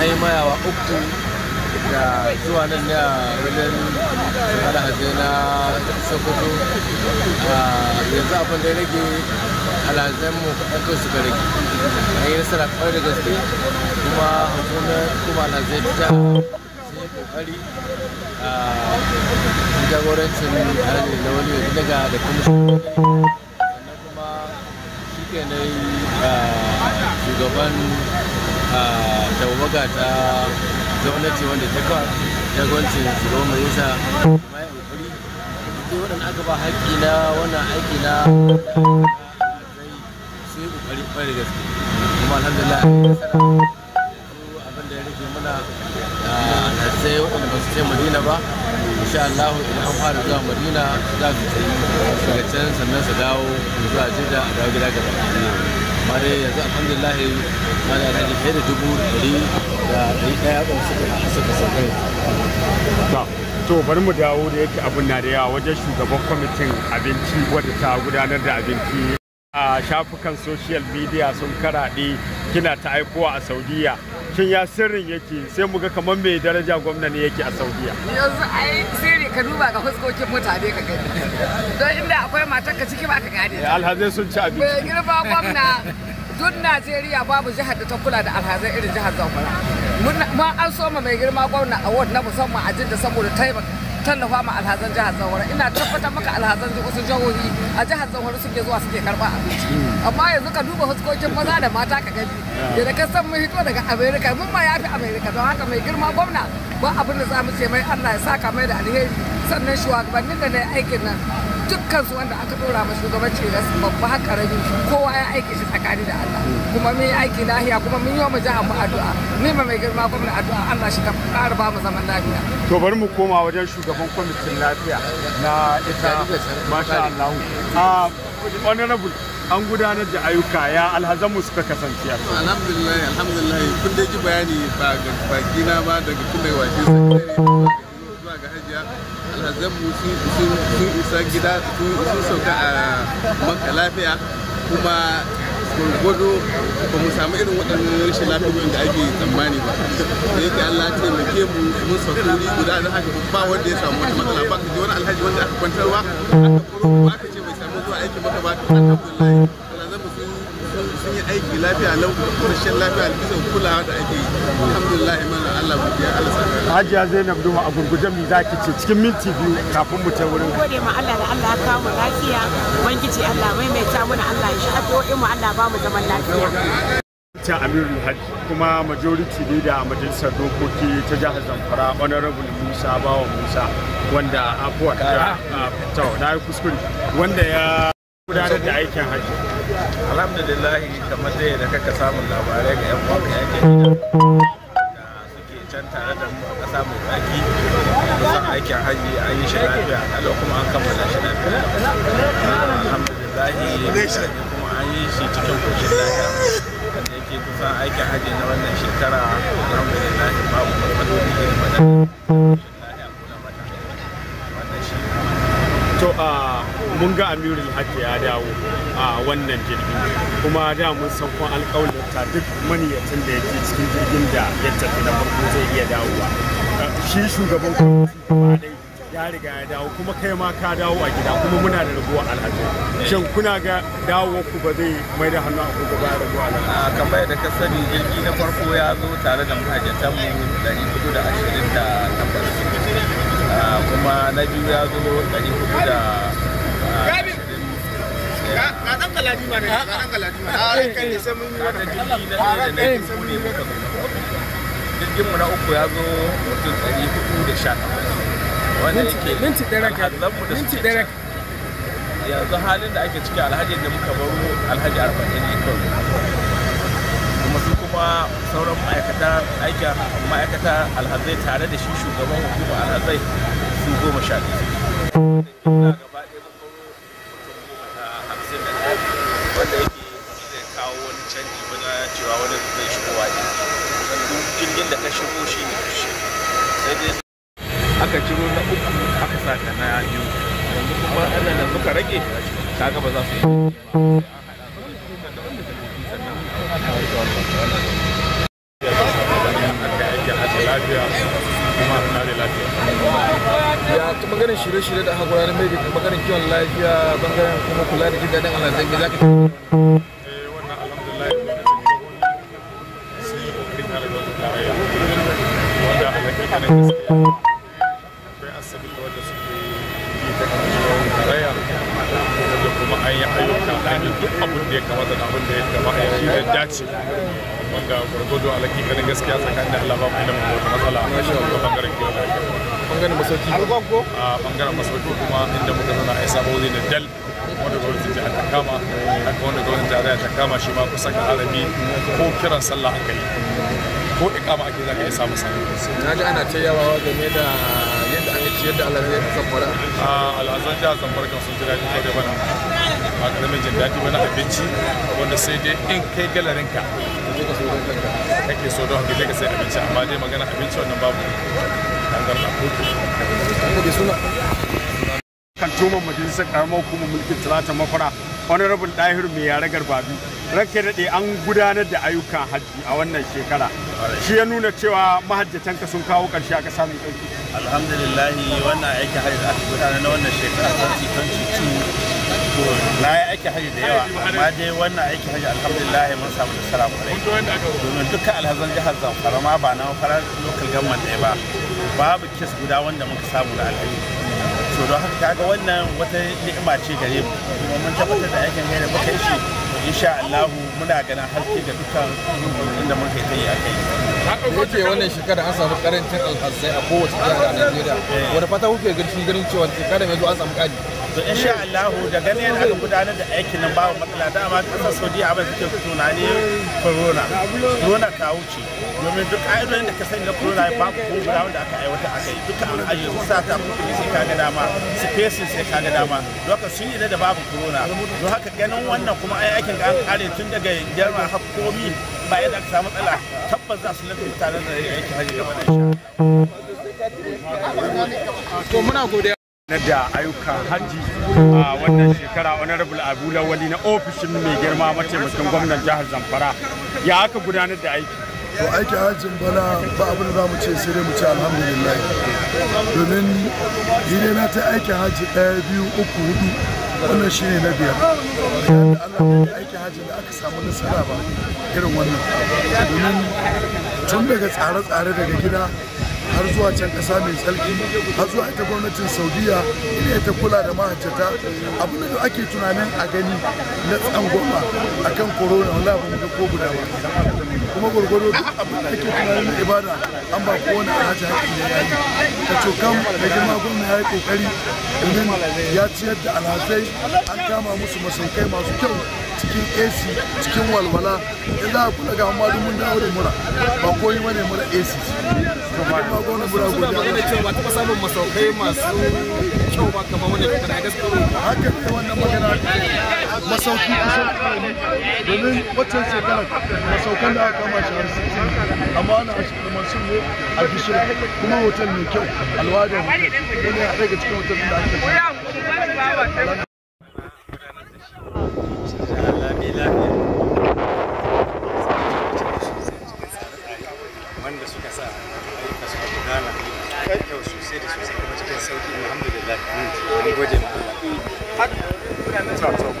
an mayawa uku da zuwa nan da wajen alhaji na sokoto a yanzu abin da rage alhazan mu kaɗan kai suka rage an yi nasara kawai da gaske kuma hukumar kuma alhazai ta sai kokari a jagorancin alhaji na wani yanzu daga da kuma sannan kuma shi ke nai shugaban tawaga ta gwamnati wanda ta kawo jagoncin shugaban majalisa kuma ya aka ba haƙƙi na wannan aiki na yi kokari kwarai da gaske kuma alhamdulillah abin da ya rage mana a sai waɗanda ba su ce madina ba insha Allah idan an fara zuwa madina za su tsayi daga can sannan su dawo zuwa jidda a dawo gida amma dai yanzu alhamdulillah mana alhaji fiye da dubu ɗari da ɗari ɗaya ba suka suka sauka to bari mu dawo da yake abun na da yawa wajen shugaban kwamitin abinci wadda ta gudanar da abinci a shafukan social media sun karaɗe kina ta aikowa a saudiya shin ya sirrin yake sai muga kamar mai daraja gwamna ne yake a saudiya yanzu ai sirri ka duba ga fuskokin mutane ka gani don inda akwai matar ka ciki ba ka gane eh, alhazai sun ci abinci mai girma gwamna duk najeriya babu jihar da ta kula da alhazai irin jihar zamfara ma an soma mai girma gwamna award na musamman a jidda saboda taimaka tallafa ma alhazan jihar zawara ina tabbatar maka alhazan wasu jihohi a jihar zawara suke zuwa suke karba abinci amma yanzu ka duba fuskokin maza da mata ka gani da ka san mun hito daga america mun ma yafi america don haka mai girma gwamna ba abin da za mu ce mai allah ya saka mai da alheri sannan shugabannin da na yi aikin nan dukkan su wanda aka dora ma shugabanci da su babba haka rabi kowa ya aiki shi tsakani da Allah kuma mun yi aiki lahiya kuma mun yi wa jihar mu addu'a ni ma mai girma gwamnati addu'a Allah shi ka fara ba mu zaman lafiya to bari mu koma wajen shugaban kwamitin lafiya na ita masha Allah a honorable an gudanar da ayyuka ya alhazan mu suka kasance a alhamdulillah alhamdulillah kun da ji bayani ba ga baki na ba daga kuma wajen zanmu sun isa gida sun sauka a banka lafiya kuma gwado ba mu samu irin waɗannan rashin lafiya da ake tsammani ba da yake Allah ya taimake mu mun sakuri guda da haka ba wanda ya samu wata matsala ba ka ji wani alhaji wanda aka kwantarwa aka kuro ba ka ce mai samu zuwa aiki maka ba alhamdulillah aiki lafiya lau ƙarshen lafiya albisan kulawa da ake yi alhamdulillah iman Allah godiya Allah saka Hajiya Zainab Duma a gurgurjen mi zaki ce cikin minti biyu kafin mu ce wurin gode ma Allah da Allah ya kawo mu lafiya ubangiji Allah mai mai ta mana Allah ya shi addu'o'in mu Allah ba mu zaman lafiya ta amiru Hajji kuma majority leader a majalisar dokoki ta jihar Zamfara Honorable Musa Bawa Musa wanda afuwa ta fitawa na yi kuskure wanda ya gudanar da aikin hajji Alhamdulillahi kamar dai da kaka samun labarai ga yan uwanka yake da suke can tare da mu a ƙasa mai tsaki kusan aikin hajji an yi shi lafiya alau kuma an kammala shi lafiya alhamdulillah kuma an yi shi cikin koshin lafiya wanda yake kusan aikin hajji na wannan shekara alhamdulillah babu matsaloli irin wannan to ah, mun ga amirul hajji ya dawo a wannan jirgin kuma da mun alkawalin ta duk maniyacin da yake cikin jirgin da ya tafi na farko zai iya dawowa shi shugaban ya riga ya dawo kuma kai ma ka dawo a gida kuma muna da raguwa alhaji shin kuna ga dawo ku ba zai mai da hannu a kuka ba raguwa alhaji kamar yadda ka sani jirgi na farko ya zo tare da mahajjatan mu 428 kuma na biyu ya zo da. a ne jirgin na uku ya zo mutum wanda yake minti minti yanzu halin da ake ciki alhaji da muka baro alhaji arba'in ne kawai kuma sauran ma'aikata aikin ma'aikata alhazai tare da shi shugaban hukumar alhazai su goma sha biyu kaga ba za su yi ya ta maganin shirye-shirye da aka gudanar mai maganin kiwon lafiya bangaren kuma kula da jin daɗin alhazan gida ka Thank eh, you. da ya kamata da abin da ya kamata shi ya dace wanda gwargwado alaƙi ganin gaskiya tsakanin da Allah ba mu da wata matsala a shi wanda bangaren kiwon lafiya bangaren masauki a bangaren masauki kuma inda muka zauna a isa bauzi na dal wanda gwamnatin jihar ta kama haka wanda gwamnatin tarayya ta kama shi ma kusa ga harami ko kiran sallah aka yi ko ikama ake za ka iya na ji ana tayawa game da yadda aka ci yadda zamfara a zamfara kan sun bana a karamin jin daɗi wani abinci wanda sai dai in kai galarinka kake so don haka ka sai abinci amma dai magana abinci wannan babu dangar na kan tuman majalisar karamar hukumar mulkin talata mafara wani rabin ɗahir mai yare garbabi Rake daɗe an gudanar da ayyukan hajji a wannan shekara shi ya nuna cewa ka sun kawo ƙarshe a ƙasa mai ƙarfi alhamdulillahi wannan aikin hajji da aka gudanar na wannan shekara 2022 na yi aiki hajji da yawa amma dai wannan aiki hajji alhamdulillah mun samu da salamu alaikum domin dukkan alhazan jihar zamfara ma ba na farar local government ne ba babu kes guda wanda muka samu da alhaji so don haka kaga wannan wata ni'ima ce gare mu kuma mun tabbatar da aikin gaira muka yi shi insha Allah muna ganin haske da dukkan inda muka yi kai a da yake wannan shekara an samu karancin alhazai a kowace jihar a Najeriya eh. wani fata kuke ganin ganin cewa shekara mai zuwa an samu kaji to sha Allah da ganin aka gudanar da aikin nan babu matsala dama kasar Saudi Arabia suke ne corona corona ta wuce domin duk ƙa'idodin da ka sani na corona ba ku ko guda wanda aka aiwata a kai duka an aje su sa ta kuma sai ka ga dama spaces sai ga dama don haka sun yi da babu corona don haka ganin wannan kuma ai aikin ga an kare tun daga jarma har komi ba yadda aka samu matsala tabbas za su lafi mutanen da aikin hajji gaba da insha to muna godiya na da ayyukan hajji a wannan shekara honorable abu lawali na ofishin mai girma mataimakin gwamnan jihar zamfara ya aka gudanar da aiki to aiki hajjin bana ba abin da mu ce sai dai mu ce alhamdulillah domin ni na ta aikin hajji ɗaya biyu uku hudu wannan shine na biyar Allah hajji da aka samu nasara ba irin wannan domin tun daga tsare-tsare daga gida har zuwa can kasa mai tsarki har zuwa ita gwamnatin saudiya ina ta kula da mahajjata abin da ake tunanin a gani na a kan corona wala abin da ko guda ba kuma gwargwaro duk abin ake tunanin na ibada an ba kowane alhaji haƙi da yayi ta cokan da girma gwamna ya yi kokari domin ya ciyar da alhazai an kama musu masaukai masu kyau cikin ac cikin walwala in za a kula ga amma da dawo da mura ba ko yi mura ac suna magana cewa ba taɓa samun masaukai masu kyau kamar wanda kuka na haka ne masauki domin waccan shekarar masaukan da aka kama shi har amma ana masu ne a kuma hotel mai kyau alwada a daga cikin hotel da aka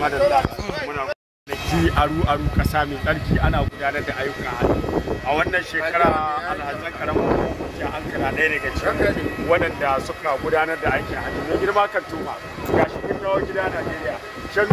madalla muna ji aru aru kasa mai tsarki ana gudanar da ayyukan hannu a wannan shekara alhazan karamin hukunci an kira ɗaya daga cikin waɗanda suka gudanar da aikin hannu na girma kan tuma ga shi gida najeriya shan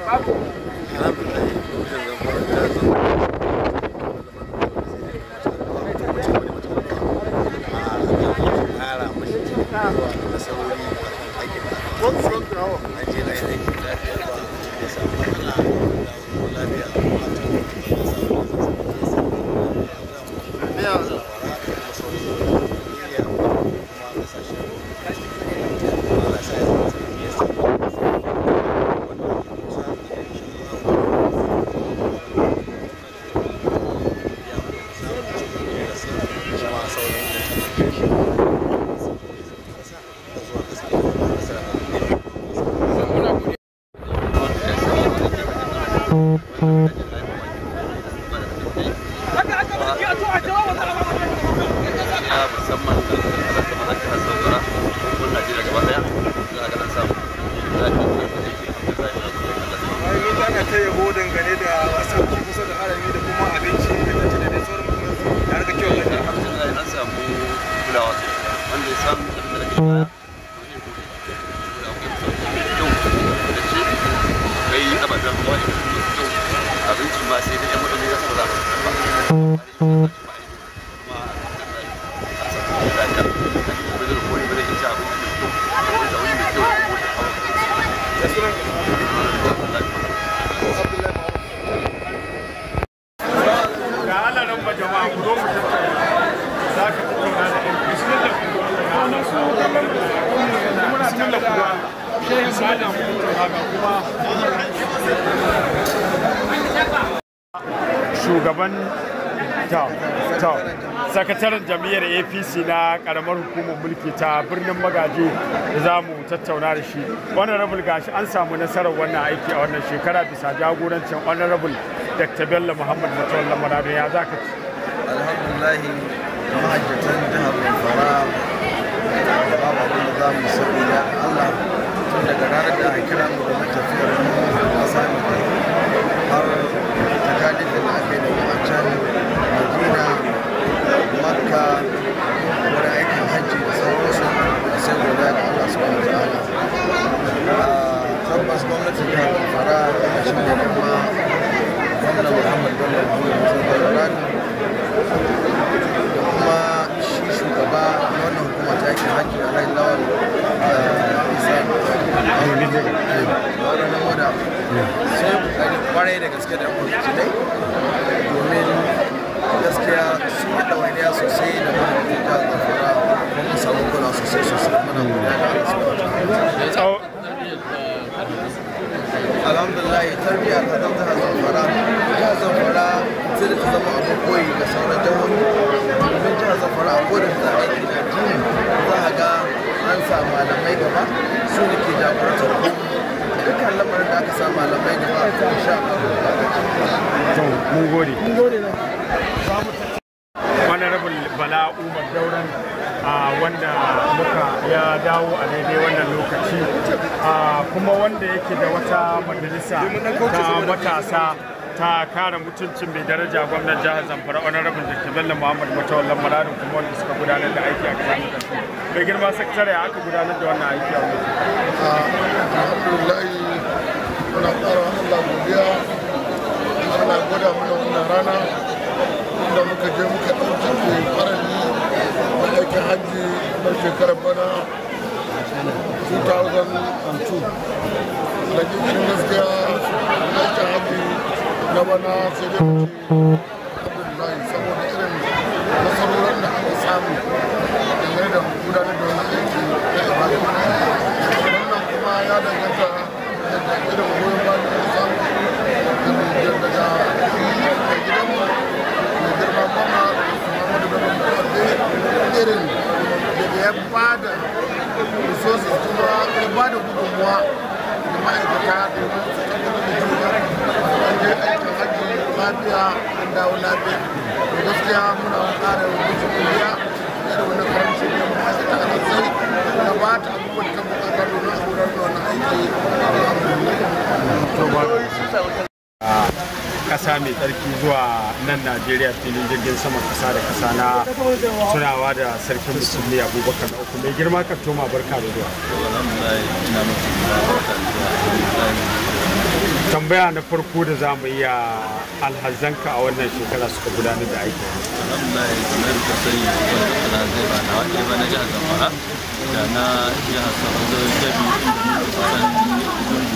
Вам うん。siyasi na karamar hukumar mulki ta birnin magaji da za mu tattauna da shi honorable gashi an samu nasarar wannan aiki a wannan shekara bisa jagorancin honorable dr bello muhammad mutuwar lamarin ya za ka ci alhamdulahi da mahajjatan jihar bambara babu abin da za mu ya allah tun daga ranar da kira mu da matafiyar ƙasa mai har ta kadin da aka yi da wancan makka Allah subhanahu wa ta'ala tabbas gwamnatin ta fara ƙarƙashin da kuma gwamna Muhammad Bello Muhammad Bello da kuma shi shugaba na wannan hukuma ta yake haƙƙi a rai lawan eh, isa wannan wada sai kokari kwarai da gaske da kuma domin gaskiya sun haɗa wariya sosai da alhamdulillah tarbiya ta zama ta zamfara jihar zamfara sai da ta zama abin koyi ga sauran jihohi domin jihar zamfara a kodin za a yi addini za a ga an sa malamai gaba su ne ke jagorantar dukkan lamarin da aka sa malamai gaba sha Allah mun gode mun gode rabin bala umar dauran ah, wanda muka ya dawo a daidai wannan lokaci ah, kuma wanda yake da wata majalisa ta matasa ta kare mutuncin mai daraja gwamnan jihar zamfara rabin da bello muhammad matawallan maradin kuma wanda suka gudanar da aiki a kasar mai girma sakitare aka gudanar da wannan aiki a wani muna ƙara allah godiya ana gwada wannan rana inda muka je ake karami na aikin hajji na bana 2002 da kimanin na bana saboda irin nasarorin da aka samu da gudanar da wani aiki wannan kuma ya danganta da irin irin daga ya bada resources kuma ya bada gudunmuwa da ma'aikata da juna aikin hajji lafiya an dawo lafiya da gaskiya muna ƙara da da wani karamci da ta alasai da ba ta abubuwan kan bukatar domin a gudanar da wani aiki da kasa mai tsarki zuwa nan najeriya filin jirgin saman kasa da kasa na tunawa da sarkin musulmi abubakar na uku mai girma ka toma barka da zuwa tambaya na farko da za mu iya alhazanka a wannan shekara suka gudanar da aiki da na jihar sabon jabi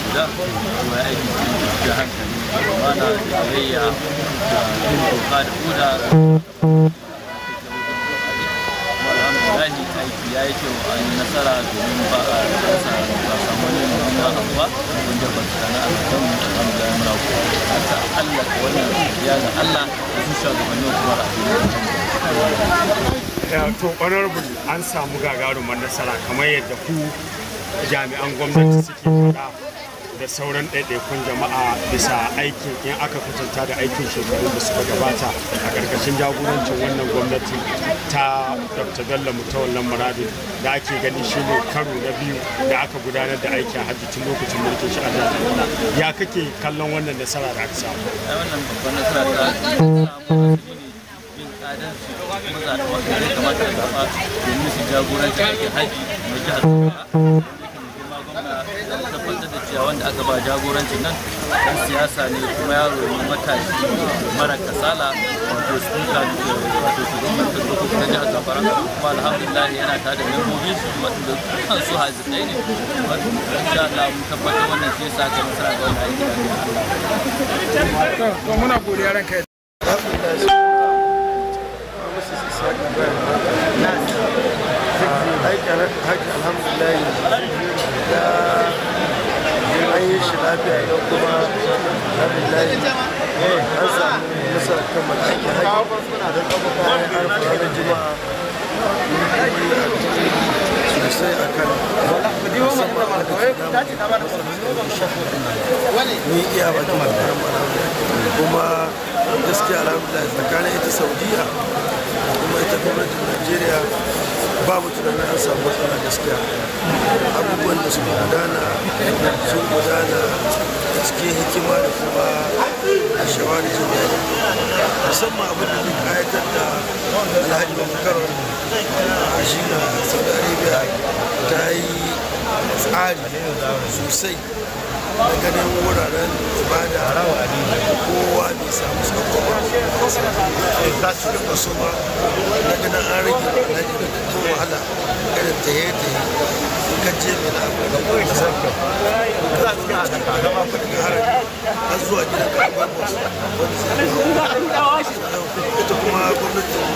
guda kuma aiki da hankali lumana da tarayya da yin doka da huda alhamdulahi aiki ya yi kyau yi nasara domin ba a rasa ba samu wani ba ba kana alaƙar mu da zamu ta Allah ka ya ga Allah da su shugabannin To honorable an samu gagarumar nasara kamar yadda ku jami'an gwamnati suke faɗa da sauran ɗaiɗaikun jama'a bisa aikin in aka kwatanta da aikin shekarun da suka gabata a ƙarƙashin jagorancin wannan gwamnati ta dr bello mutawallan muradu da ake gani shine karo na biyu da aka gudanar da aikin hajji tun lokacin mulkin shi a ya kake kallon wannan nasara da aka samu da domin su jagoranci aikin hajji mai jihar aka ba jagorancin nan dan siyasa ne kuma yaro ne matashi mara kasala wato da wato shugaban tattakon na jihar zamfara kuma alhamdulillah yana tare da membobi wanda kansu hazikai ne kuma insha Allah mun tabbatar wannan shi yasa aka nasara ga wannan aiki to muna godiya alhamdulillah اي شباب يحكمها أنسى مصر كم الحج هذا الأبو طاهر أعرف هذا الجماعة نصيحة كان ni iya bakin alfarin kuma gaskiya alhamdulillah tsakanin ita saudiya kuma ita gwamnatin najeriya babu tunanin an samu matsala gaskiya abubuwan da suka gudana sun gudana cikin hikima da kuma a shawari jin musamman abin da duk ayatar da alhaji mamakar a shi na saudi arabia ta yi tsari sosai ganin wuraren ibada kowa bai samu sauko ba ta ci da wasu ba na ganin an rage da na gina da ta wahala irin ta yi ta yi ka je mai na abu da kuma kasar ka ka zuwa da kagama ba daga harari har zuwa gidan karbar wasu wanda sai ita kuma gwamnati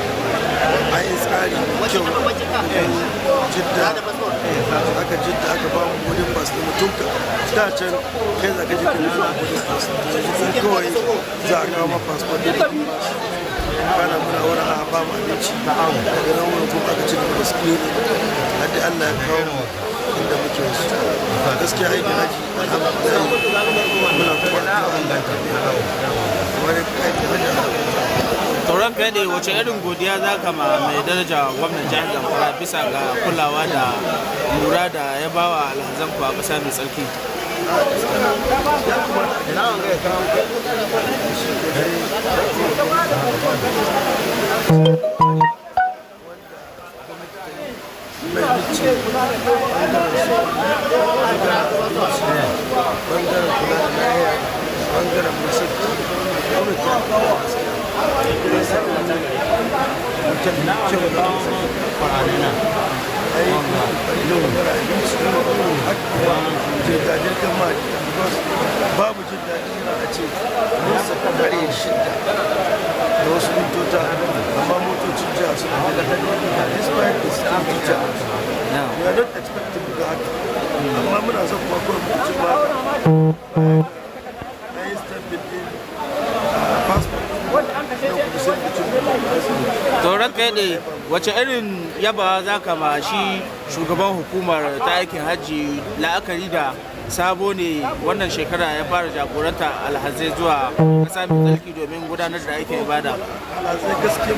an yi tsari kyau eh, jidda aka eh, jidda aka ba mu gudun bas da mutum ka da can kai zaka ji na na gudun bas da kawai za a kawo ma passport da kana muna wani a ba mu abinci daga nan wurin kuma aka ci da gaskiya hadda Allah ya kawo inda muke wasu gaskiya aiki haji alhamdulillah muna kuma Allah ya kawo tauran fiye da irin godiya za ka ma mai daraja gwamnan jihar zamfara bisa ga kulawa da lura da ya ba wa alhazan kuwa ƙasa mai tsarki Thank you. babu jin daɗi na a ce nesa da wasu mintota amma da to ranka wacce wace irin yaba za ka ma shi shugaban hukumar ta aikin hajji la'akari da sabo ne wannan shekara ya fara jagoranta alhazai zuwa kasa mai tsarki domin gudanar da aikin ibada alhazai gaskiyar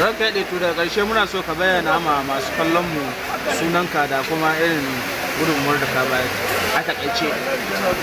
ranka ya ɗaitu da ƙarshe muna so ka bayyana ma masu kallon mu sunanka da kuma irin gudunmuwar da ka bayar a takaice